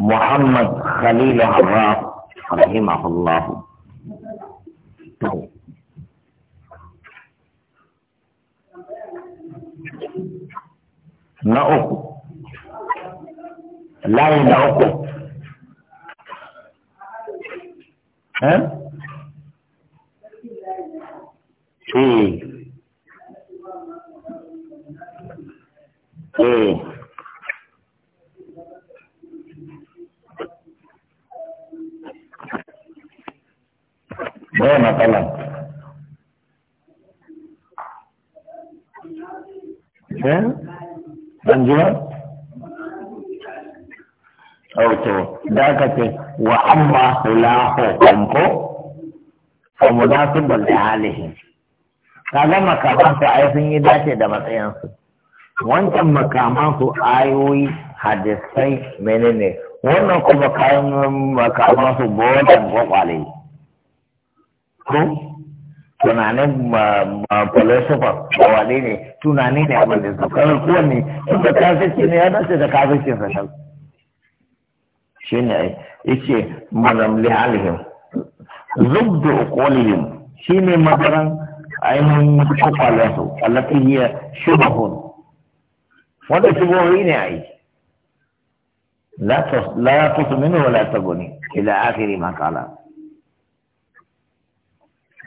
محمد خليل عراف رحمه الله نأكل لا ينأكل ها؟ ايه ايه bai matsalan ɗan eh? jiwa? Auto, da aka ce, wa amma hulahu kanko, fa munasibun da halihin. Ka makaman su ai sun yi dace da matsayansu. Wancan makaman su ayoyi, hadisai, menene, wannan kuma kayan makaman makamansu bolan kwakwale. ko tunanin philosopher da wane ne tunani ne abin da suka kawai kowanne inda kafirci ne ya dace da kafircin sa shan shi ne yake mazam lihalihim zubdu uqulihim shi ne madaran ainihin kwakwalensu allati hiya shubahun wanda shubahoyi ne a yi la tusminu wa la taguni ila akhiri makala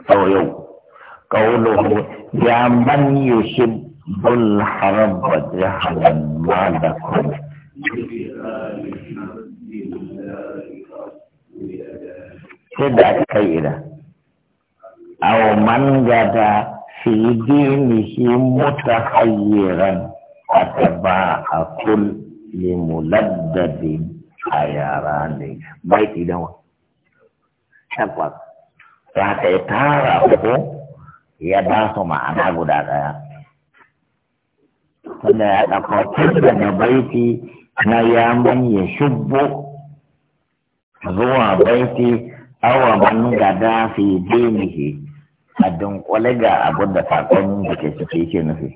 sau yau ƙauluhu ya man yi shi bul haraba jihalan ma da da aka yi da au man gada fi dini shi muta hayyiran a taba a kul li muladdadin a yara ne ta tara uku ya ba ma'ana guda ɗaya wanda ya ɗauko tun baiti na yaman ya shubbo zuwa baiti awa man gada fi dinihi a dunkule ga abin da sakon da ke ciki ke nufi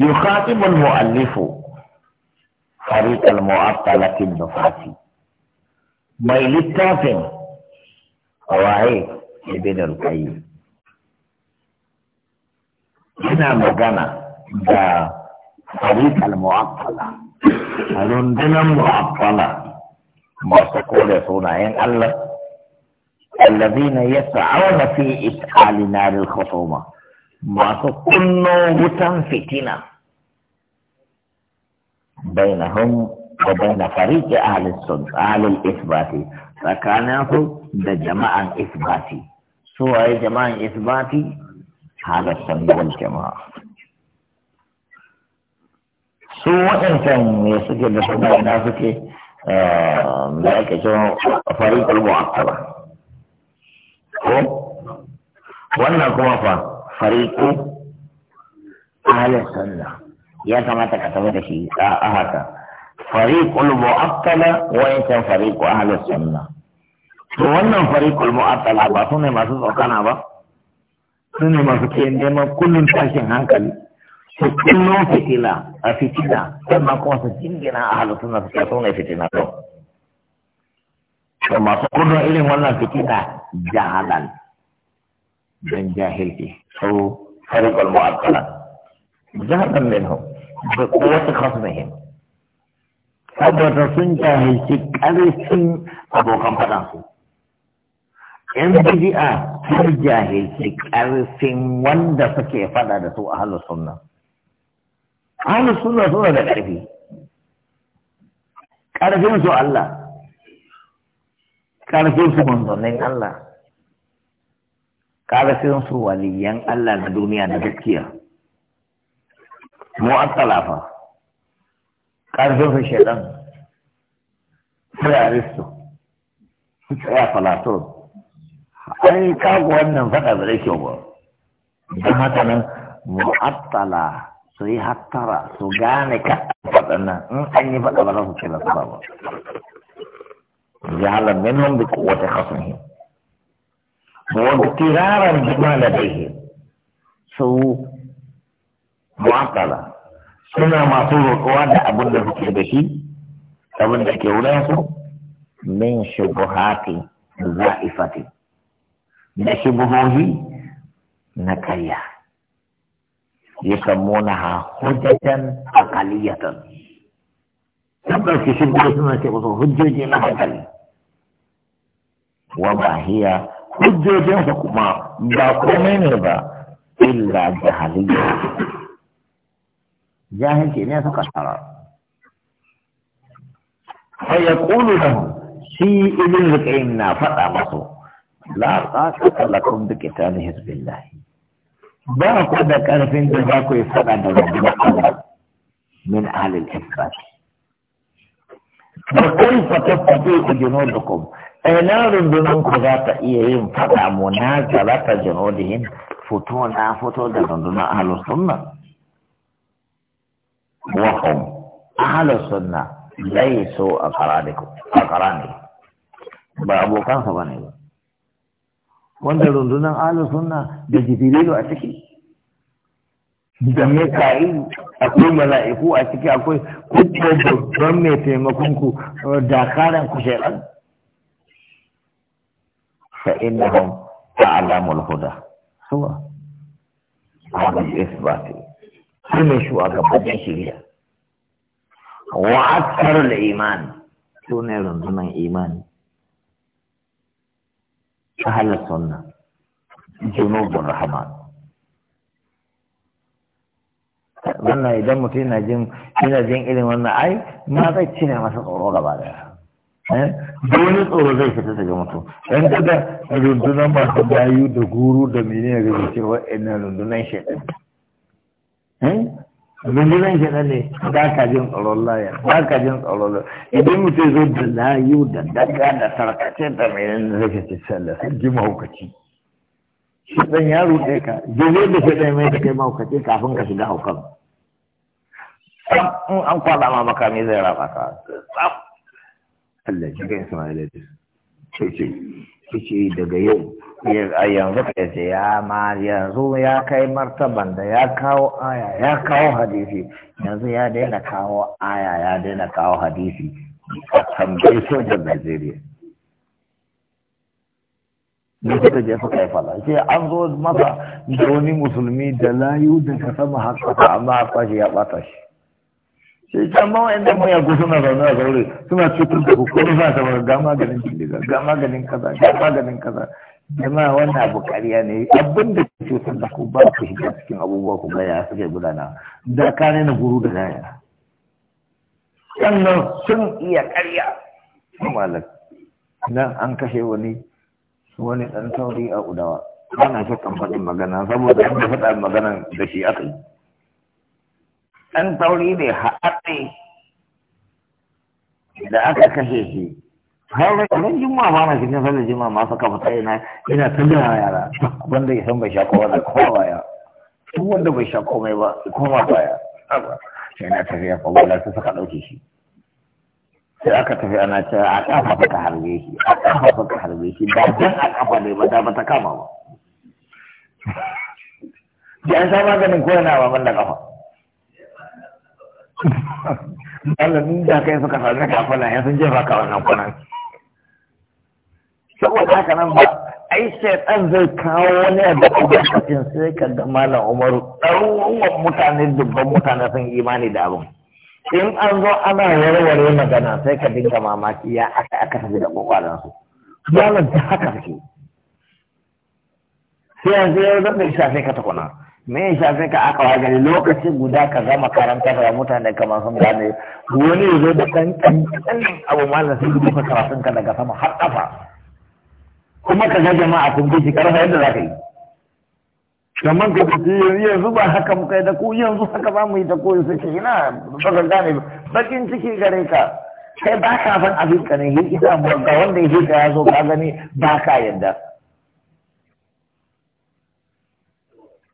yukhatibul mu'allifu fariqal mu'attalatin fasi. mai littafin قواعد ابن القيم هنا مجانا دا طريق المعطلة هلون دينا معطلة ما تقول يسونا إن الله الذين يسعون في إسحال نار الخصومة ما تقول نوبتا فتنة بينهم وبين فريق أهل السنة أهل الإثبات فكانه ده جماعة إثباتي سوى جماعة إثباتي هذا السنة والجماعة سوى إنسان يسجد لسنة نافكي ذلك جو فريق المعطلة وانا كما فريق أهل السنة يا كما تكتب شيء أهكا آه، آه. fariqul mu'attala wa yankan fariqu ahlus sunna to wannan fariqul mu'attala ba su ne masu tsokana ba su ne masu ke neman kullum tashin hankali su fitila a fitila sannan kuma su jingina a halittun na suke su ne fitina to to masu kullum irin wannan fitila jahalan don so tabbata sun jahilci ƙarfin abokan faɗansu. ‘Yan bidi'a sun jahilci ƙarfin wanda suke faɗa da su a halin suna. Halin suna suna da ƙarfi. Ƙarfin su Allah. Ƙarfin su manzannin Allah. Ƙarfin su waliyan Allah na duniya da gaskiya. Mu'attalafa. قرضو في شيطان فلا عرفتو يا فلاطون أي كاب وانا فتا بريك يوم جمعة أنا معطلة صيحة ترى سوغاني كاب أنا أني فتا في شيطان جعل منهم بقوة خصمهم واضطرارا بما لديهم suna masu roƙuwa da abin da suke da shi abin da ke wurin su min shubuhati za'ifati da shubuhohi na karya yusammunaha hujjatan aqaliyatan tabbas ki shubuhohi suna ce musu hujjoji na hankali wa ba hiya hujjojinsa kuma ba komai ne ba illa jahaliya جاهل كيمياء فقط حرام فيقول لهم سي ابن لقينا فطعمته لا قاتل لكم بقتال حزب الله بارك الله كان في انتظارك يفتقد من اهل الاثبات وكيف تستطيع جنودكم اعلان بمن قضاء ايهم فتح منازلة جنودهم فتونا فتو دلندنا اهل السنه وهم أهل السنة ليسوا أقرانكم أقراني بأبو كان فبني wanda rundunar أهل sunna da jibrilu a ciki da mikail akwai mala'iku a ciki akwai kuma babban mai taimakon ku dakaran ku shaitan su ne shugabannin shirya wa aktar da imani su ne rundunan imani ta halar sunna junubun rahman wannan idan mutum yana jin yana jin irin wannan ai ma zai cire masa tsoro gaba daya eh? da wani tsoro zai fita daga mutum yan daga rundunan masu bayu da guru da menene ga cewa ina rundunan shaidan rundunar eh? shaɗan ne ba ka jin tsoron laya ba ka jin tsoron laya idan mutum zo da layu da daga da tarkace da mai nan zaka ci sallah sun ji mahaukaci shaɗan ya ruɗe ka jirgin da shaɗan mai da kai mahaukaci kafin ka shiga haukan an kwada ma maka me zai raba ka Allah shi ga Ismail Idris ce ce daga yau yanzu ka ce ya ma yanzu ya kai martaban da ya kawo aya ya kawo hadisi yanzu ya daina kawo aya ya daina kawo hadisi a tambayi sojan Najeriya. da suka je suka yi fada sai an zo masa da wani musulmi da layu da sama haka amma a kwashe ya bata shi shi can ma wa'in da mayaku suna zaune a zaure suna cutar da hukumar za ta ga maganin bindiga ga maganin kaza ga maganin kaza jama'a wannan abu kariya ne abin da ke cutar da ku ba ku shiga cikin abubuwa ku gaya suke gudana da ka na guru da gaya sannan sun iya karya malam nan an kashe wani wani dan tauri a udawa ana shakkan faɗin magana saboda yadda faɗa maganan da shi aka yi ɗan tauri ne haɗaɗɗe da aka kashe shi har ran juma ma na cikin sallar juma ma suka fita ina ina tabbata yara wanda ya san bai sha kowa da kowa baya duk wanda bai sha komai ba koma baya sai na tafiya ko da sai suka ɗauke shi sai aka tafi ana ce a kafa baka harbe shi a kafa baka harbe shi ba dan a kafa ne ba da ba ta kama ba da an maganin ko na ba ban da kafa ɗalibin da ya sun jefa ka ba ai shaitan zai kawo wani abu a lokacin sai ka ga malam umaru ɗaruruwan mutane dubban mutane sun imani da abin in an zo ana warware magana sai ka dinga mamaki ya aka aka tafi da malam ta haka suke sai yanzu yau zan da isa sai ka tukuna me ya sai ka aka wa lokacin lokaci guda ka gama karanta da mutane kamar sun gane wani da ɗan ƙanƙanin abu malam sai duka karatun ka daga sama har kafa kuma ka ga jama'a kun ji karfa yadda za ka yi kamar ka ce yanzu ba haka mu kai da ku yanzu haka ba mu yi da ku yanzu ce ina ba ka gane bakin ciki gare ka kai ba ka san abin ka ne ga wanda ya hika ya zo ka gani ba ka yadda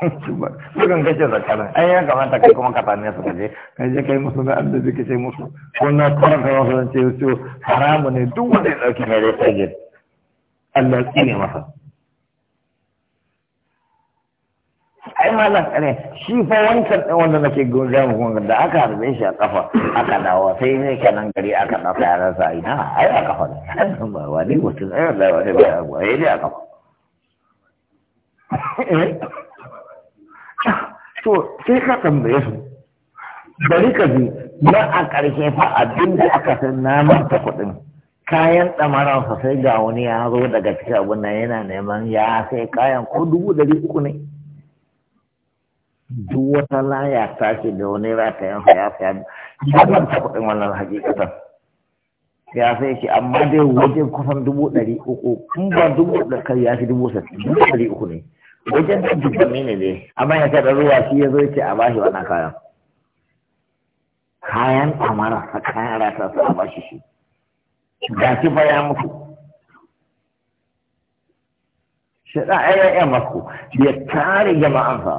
sukan kashe zakara ya kamata kai kuma ka tani su kaje kai je kai musu da abin da kace musu ko na karanta musu dan ce su haramu ne duk wanda ya Allah ya masa ai malam ne shi fa wancan din wanda nake gaya muku da aka harbe shi a kafa aka dawo sai ne kenan gari aka dafa yaran sa ina ai a kafa ne ba wani mutum ne a kafa to sai ka tambaye su bari ka bi na a ƙarshe fa abin da aka san naman ta kuɗin kayan ɗamaransa sai ga wani ya zo daga cikin abin nan yana neman ya sai kayan ko dubu ɗari uku ne duk wata laya ta ce da wani ratayen sa ya saya yaman ta kuɗin wannan hakikatan ya sai shi amma dai wajen kusan dubu ɗari uku in ba dubu ɗari ya fi dubu sassi dubu ɗari uku ne wajen da dukkan mene ne amma ya kada ruwa shi ya zo ce a bashi wannan kayan kayan amara sa kayan rata su a bashi shi ga shi fa ya mutu shi da ya maku ya jama'an jama'ansa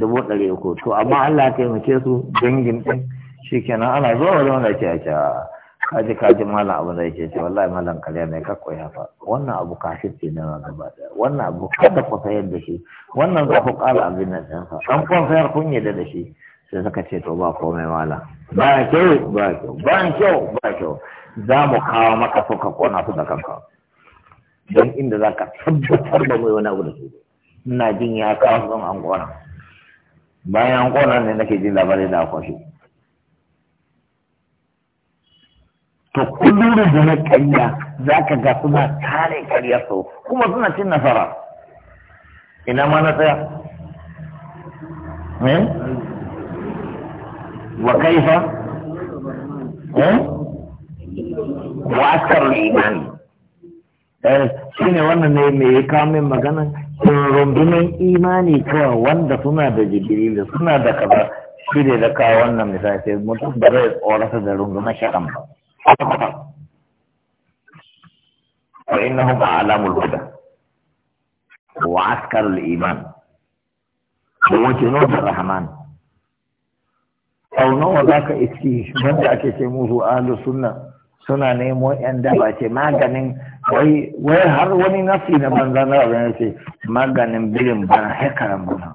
dubu ɗari uku to amma Allah ya taimake su dangin ɗin shi kenan ana zuwa wani wanda ke a kaji kaji malam abin da yake ce wallahi malam kalya ne ka koya fa wannan abu kafir ce na gaba da wannan abu kada ku sayar da shi wannan za ku kala abin nan din fa an kun sayar kun yi da shi sai suka ce to ba komai malam ba kyau ba kyau ba kyau ba kyau za mu kawo maka so ka kona su da kanka don inda za ka tabbatar da mai wani abu da su ina jin ya kawo don an kona bayan an kona ne nake jin labarai da akwai to kullum na ƙarya za ka ga suna tare ƙarya so kuma suna cin nasara ina ma na tsaya eh wa kaifa eh? wa akar iman eh, shi ne wannan ne me ya kawo min magana rundunar imani kawa wanda suna da da suna da kaza shi da kawo wannan misali mutum ba zai tsorata da rundunar shakan ba فإنهم أعلام الهدى وعسكر الإيمان وجنود الرحمن أو نوع ذاك إسكي من ذاك سموه أهل السنة سنة نيمو أن دباتي ما غنين وي وي هر وني نفسي نبان ذانا وغنسي ما غنين بلين بنا حكرا بنا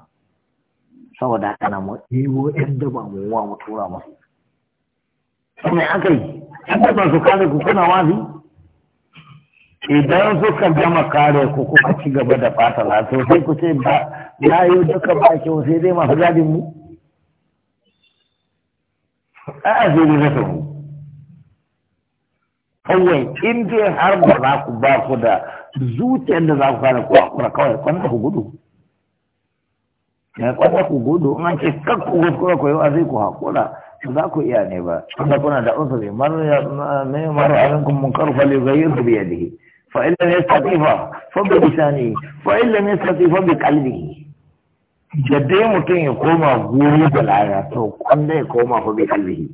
سوى ذاك نمو إيو أن دبا موا مطورا مصر mai aka yi an taɓa su kare ku kuna wazi idan suka gama kare ku kuka ci gaba da fata lafiya sai ku ce ba na yi duka ba ke wasu dai masu gadin mu a asiri na tafi kawai in dai har ba za ku ba ku da zuciyar da za ku kare ku akura kawai kwanta ku gudu ya kwanta ku gudu in an ce kakku kuskura ku yi wa zai ku hakura za ku iya ne ba tunda kuna da uzuri man ya ne mar alankum munkar fa yughayyir bi yadihi fa illa yastatifa fa bi lisani fa illa yastatifa bi qalbihi jadde mutun mutum ya koma guri da laya to kwanda ya koma fa bi qalbihi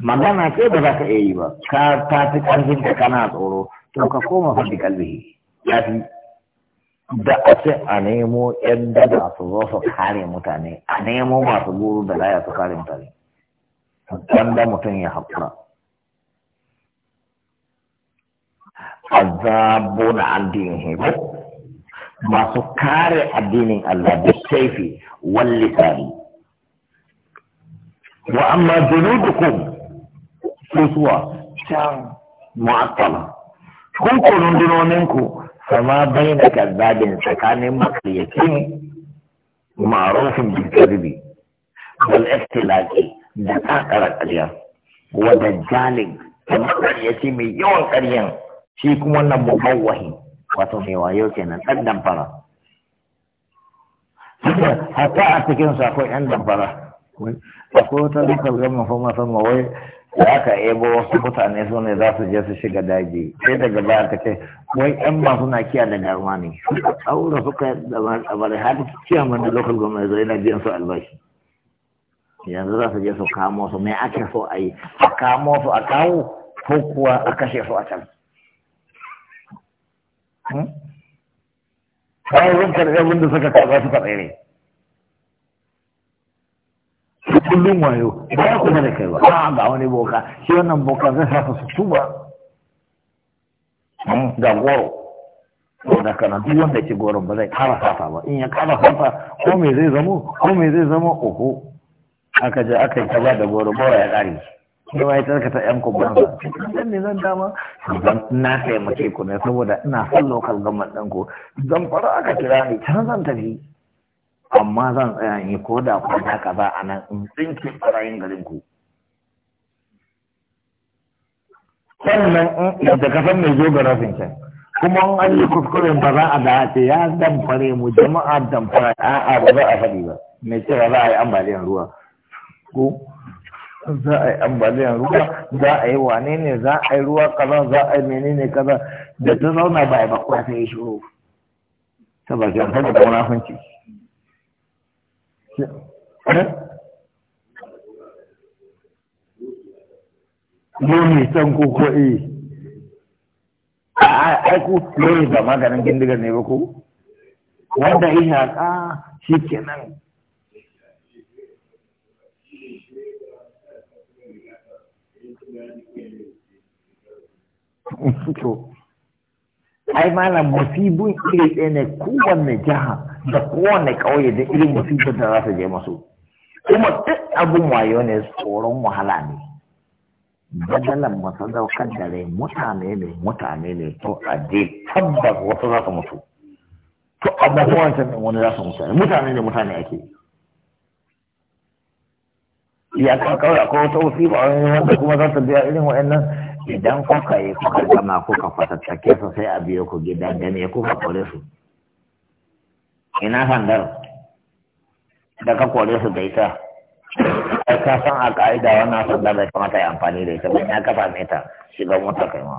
magana ce ba za ka iya yi ba ka ta ta karfin da kana tsoro to ka koma fa bi qalbihi ya fi da a ce a nemo yan dada su zo su kare mutane a nemo masu guru da laya su kare mutane wanda mutum ya haƙura azabu na addinin hebo masu kare addinin Allah da saifi wallisari wa amma junudukum suwa can mu'attala kun kunun dunoninku sama bai na kazzabin tsakanin makaryakin ma'arufin bilkarbi wal ikhtilaqi da kakara ƙarya wa dajjalin kamar ya ce mai yawan ƙaryan shi kuma wannan mubawwahi wato mai wayo kenan ɗan damfara hatta a cikin sa akwai ɗan damfara akwai wata dukkan gama fa musamman wai da aka ebo wasu mutane su ne za su je su shiga daji sai daga baya ka ce wai yan ba suna kiya da garma ne suka tsaura suka da bari har kiya mana local gwamnati zai na biyan su albashi yanzu za su je su kamo su me ake so a yi a kamo su a kawo ko kuwa a kashe su a can kawo hmm? zan karɓi abin da suka kaza suka tsere kullum wayo ba ya kuma da kai ba a ga wani boka shi wannan boka zai sa su tuba hmm? ga goro da kana duk wanda ke goron ba zai kara safa ba in ya kara safa ko me zai zamo ko me zai zama oho aka je aka yi kaza da goro goro ya kare shi ma ya tarkata yan kubban ba zan ne zan dama zan na taimake ku ne saboda ina son local government ɗin ku zan fara aka kira ni can zan tafi amma zan tsaya ni, ko da kwana kaza a nan in tsinke ɓarayin garin ku sannan mm, da ka san mai zo ga rafin can kuma an yi kuskuren ba za a dace, ya damfare mu jama'a damfara a'a ba za a faɗi ba mai cewa za a yi ambaliyar ruwa ko za a yi ambaliyar ruwa za a yi wane ne za a yi ruwa kaza za a yi menene kaza da ta zauna ba a bakwa ta ya shiru ta ba jan fada da munafunci eh? Yomi san ko ko eh ai ku yomi ba maganin gindigar ne ba ko wanda ya shaƙa shi kenan to ai malam musibun iri ɗaya ne kowanne jiha da kowanne ƙauye da irin musibun da za su je masu kuma duk abin wayo ne tsoron wahala ne badalan masadaukar da rai mutane ne mutane ne to a je tabbas wasu za su mutu to a kuma ɗin wani za su mutu mutane ne mutane ake ya kawai akwai wata a wani wanda kuma za su biya irin wa'annan idan kuka yi kuka gama kuka fatattake su sai a biyo ku gidan da me kuka kore su ina sandar da ka kore su da ita ai ka san a ka'ida wannan sandar da kamata yi amfani da ita ban ya kafa mai ta shiga mota kai ma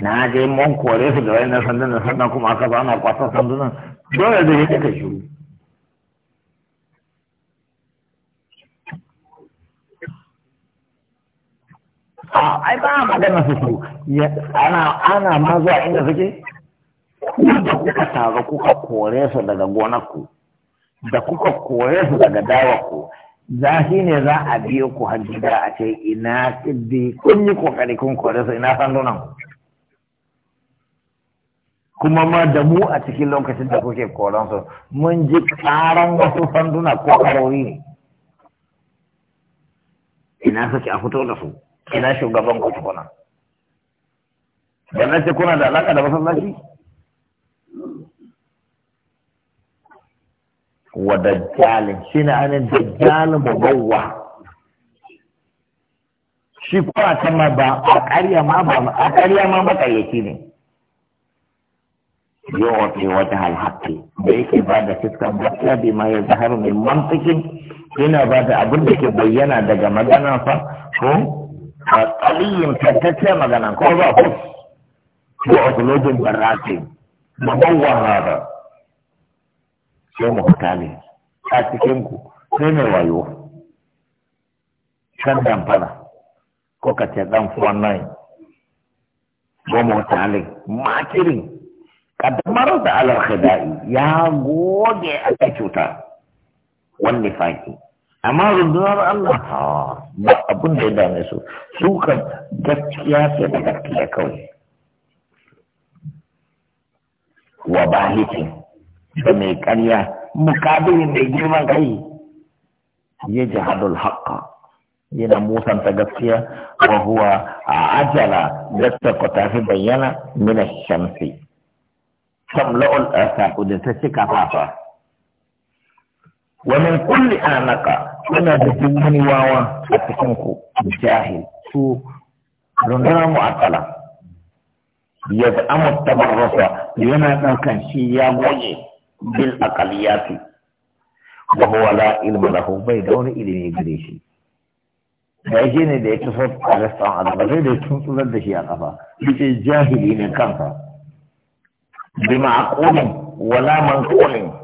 na je mun kore su da wani sandar da sandar kuma aka zo ana kwasan sandunan dole da yake ka shiru a ai ba magana su su ana ana ma zuwa inda suke ku da kuka taru kuka kore su daga gonarku da kuka kore su daga dawarku za shi ne za a biyo ku har a ce ina siddi kun yi kokari kun kore su ina sandunan kuma ma da mu a cikin lokacin da kuke koron su mun ji karan wasu sanduna ko karori ne ina suke a fito da su ina shugaban ku tukuna da ce kuna da alaka da masallaci wa dajjalin shi ne ainihin dajjalin babawwa shi kuma can ma ba a ƙarya ma ba a ƙarya ma makaryaci ne yau wata wata halhaƙi da yake ba da fiskan bakiya bai ma ya zaharu mai mantakin yana ba da abin da ke bayyana daga maganarsa ko a ƙaliyin tantacciyar magana ko ba ku ko a kulojin barratin mabawwan hada sai mu fita ne a cikin ku sai mai wayo kan damfara ko ka ce dan fuwan nai ko mu fita ne makirin kaddamar da alar khidai ya goge a cuta wani faki amma rundunar Allah ta ba abin da ya dame su su kan gaskiya sai da gaskiya kawai wa bahitin da mai karya mukabilin mai girma kai ya ji hadul haƙa yana musanta gaskiya wa huwa a ajala gaskiya ko tafi bayyana mina shamsi tamla'ul asaku da ta cika fafa wa min kulli anaka suna da duk wani wawa a cikin ku jahil su rundunar mu'attala ya zama tabarrasa yana ɗaukan shi ya goge bil aqaliyati wa huwa la ilma lahu bai da wani ilimi gare shi da shi ne da ya tafi a rastan a sai da ya da shi a kafa shi jahili ne kanka. bima aqulin wala manqulin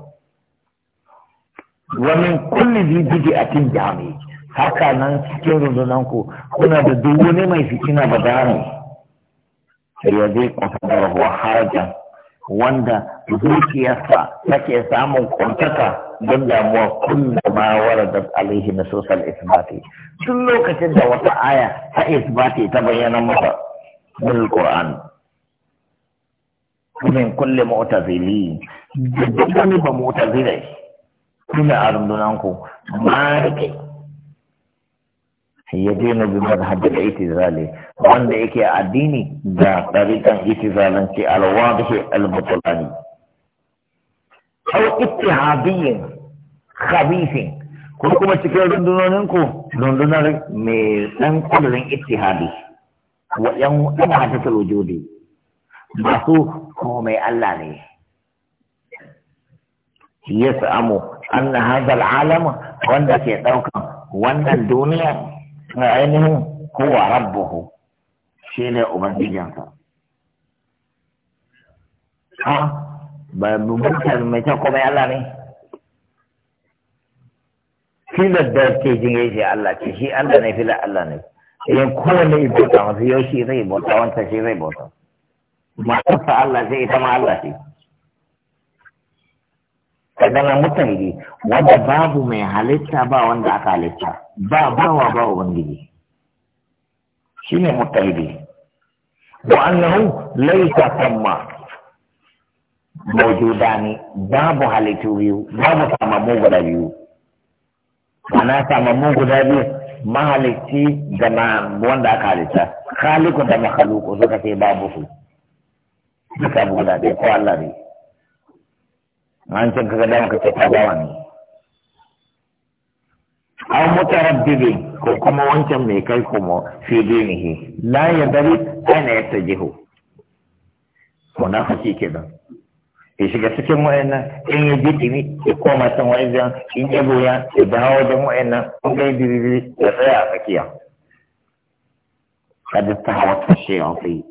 wa min kulli bi bid'atin jami haka nan cikin rundunan ku kuna da duk wani mai fitina da dare ya zai kasadar wa harajan wanda zuciyarsa take samun kwantaka don damuwa kulla ma warada alaihi na sosal isbati tun lokacin da wata aya ta isbati ta bayyana masa bil qur'an min kulli mu'tazili duk wani ba mu'tazili kuna a rundunanku ma rike ya daina bi mazhabin itizali wanda yake addini da ɗarikan itizalanci alwadahi almutulani au ittihadiyyin khabithin ko kuma cikin rundunoninku rundunar mai ɗan kudurin ittihadi wa ƴan ɗan hadatul wujudi masu komai Allah ne yasa amu أن هذا العالم وأن في الكوكب وأن الدنيا عينه هو ربه شيء لا أبدي ها بمثل ما تقوم يا الله ني في الدار تيجي يا الله تيجي الله ني في الله ني يكون يبوتا ما في ريبوتا وانت ريبوتا ما تفعل الله زي تما الله تيجي ka zama mutane wanda babu mai halitta ba wanda aka halitta ba bawa ba ubangiji ne mutane wa annahu mojo da ni babu halittu biyu babu samamu guda biyu ana samamu guda biyu mahalicci da wanda aka halitta khaliqu da makhluqu suka ce babu su duka guda ɗaya ko Allah ne an can kaga dama ka ce kazawa ne aw mutaraddidin ko kuma wancan mai kai kuma fi dinihi la yadri ana yattajihu munafiki kenan ya shiga cikin wa'annan in ya ji dini ya koma can wa'annan in ya goya ya dawo wajen wa'annan in ga diriri ya tsaya a tsakiya kada ta hawa ta shaytan fi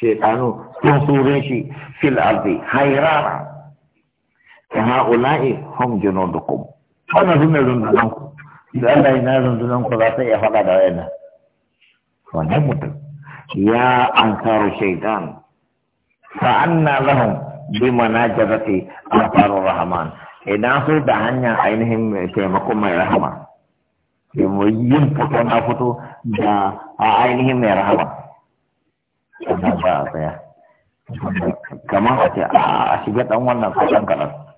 shaytanu sun surin shi fil ardi hayrana fa ha'ula'i hum junudukum wannan sun ne rundunan ku da Allah na rundunan ku za ta iya faɗa da wayannan wannan mutum ya shaidan shaitan na lahum bi a ansaru rahman idan su da hanyar ainihin taimakon mai rahama yin fito na fito da a ainihin mai rahama kamar a ce a shiga ɗan wannan kaɗan kaɗan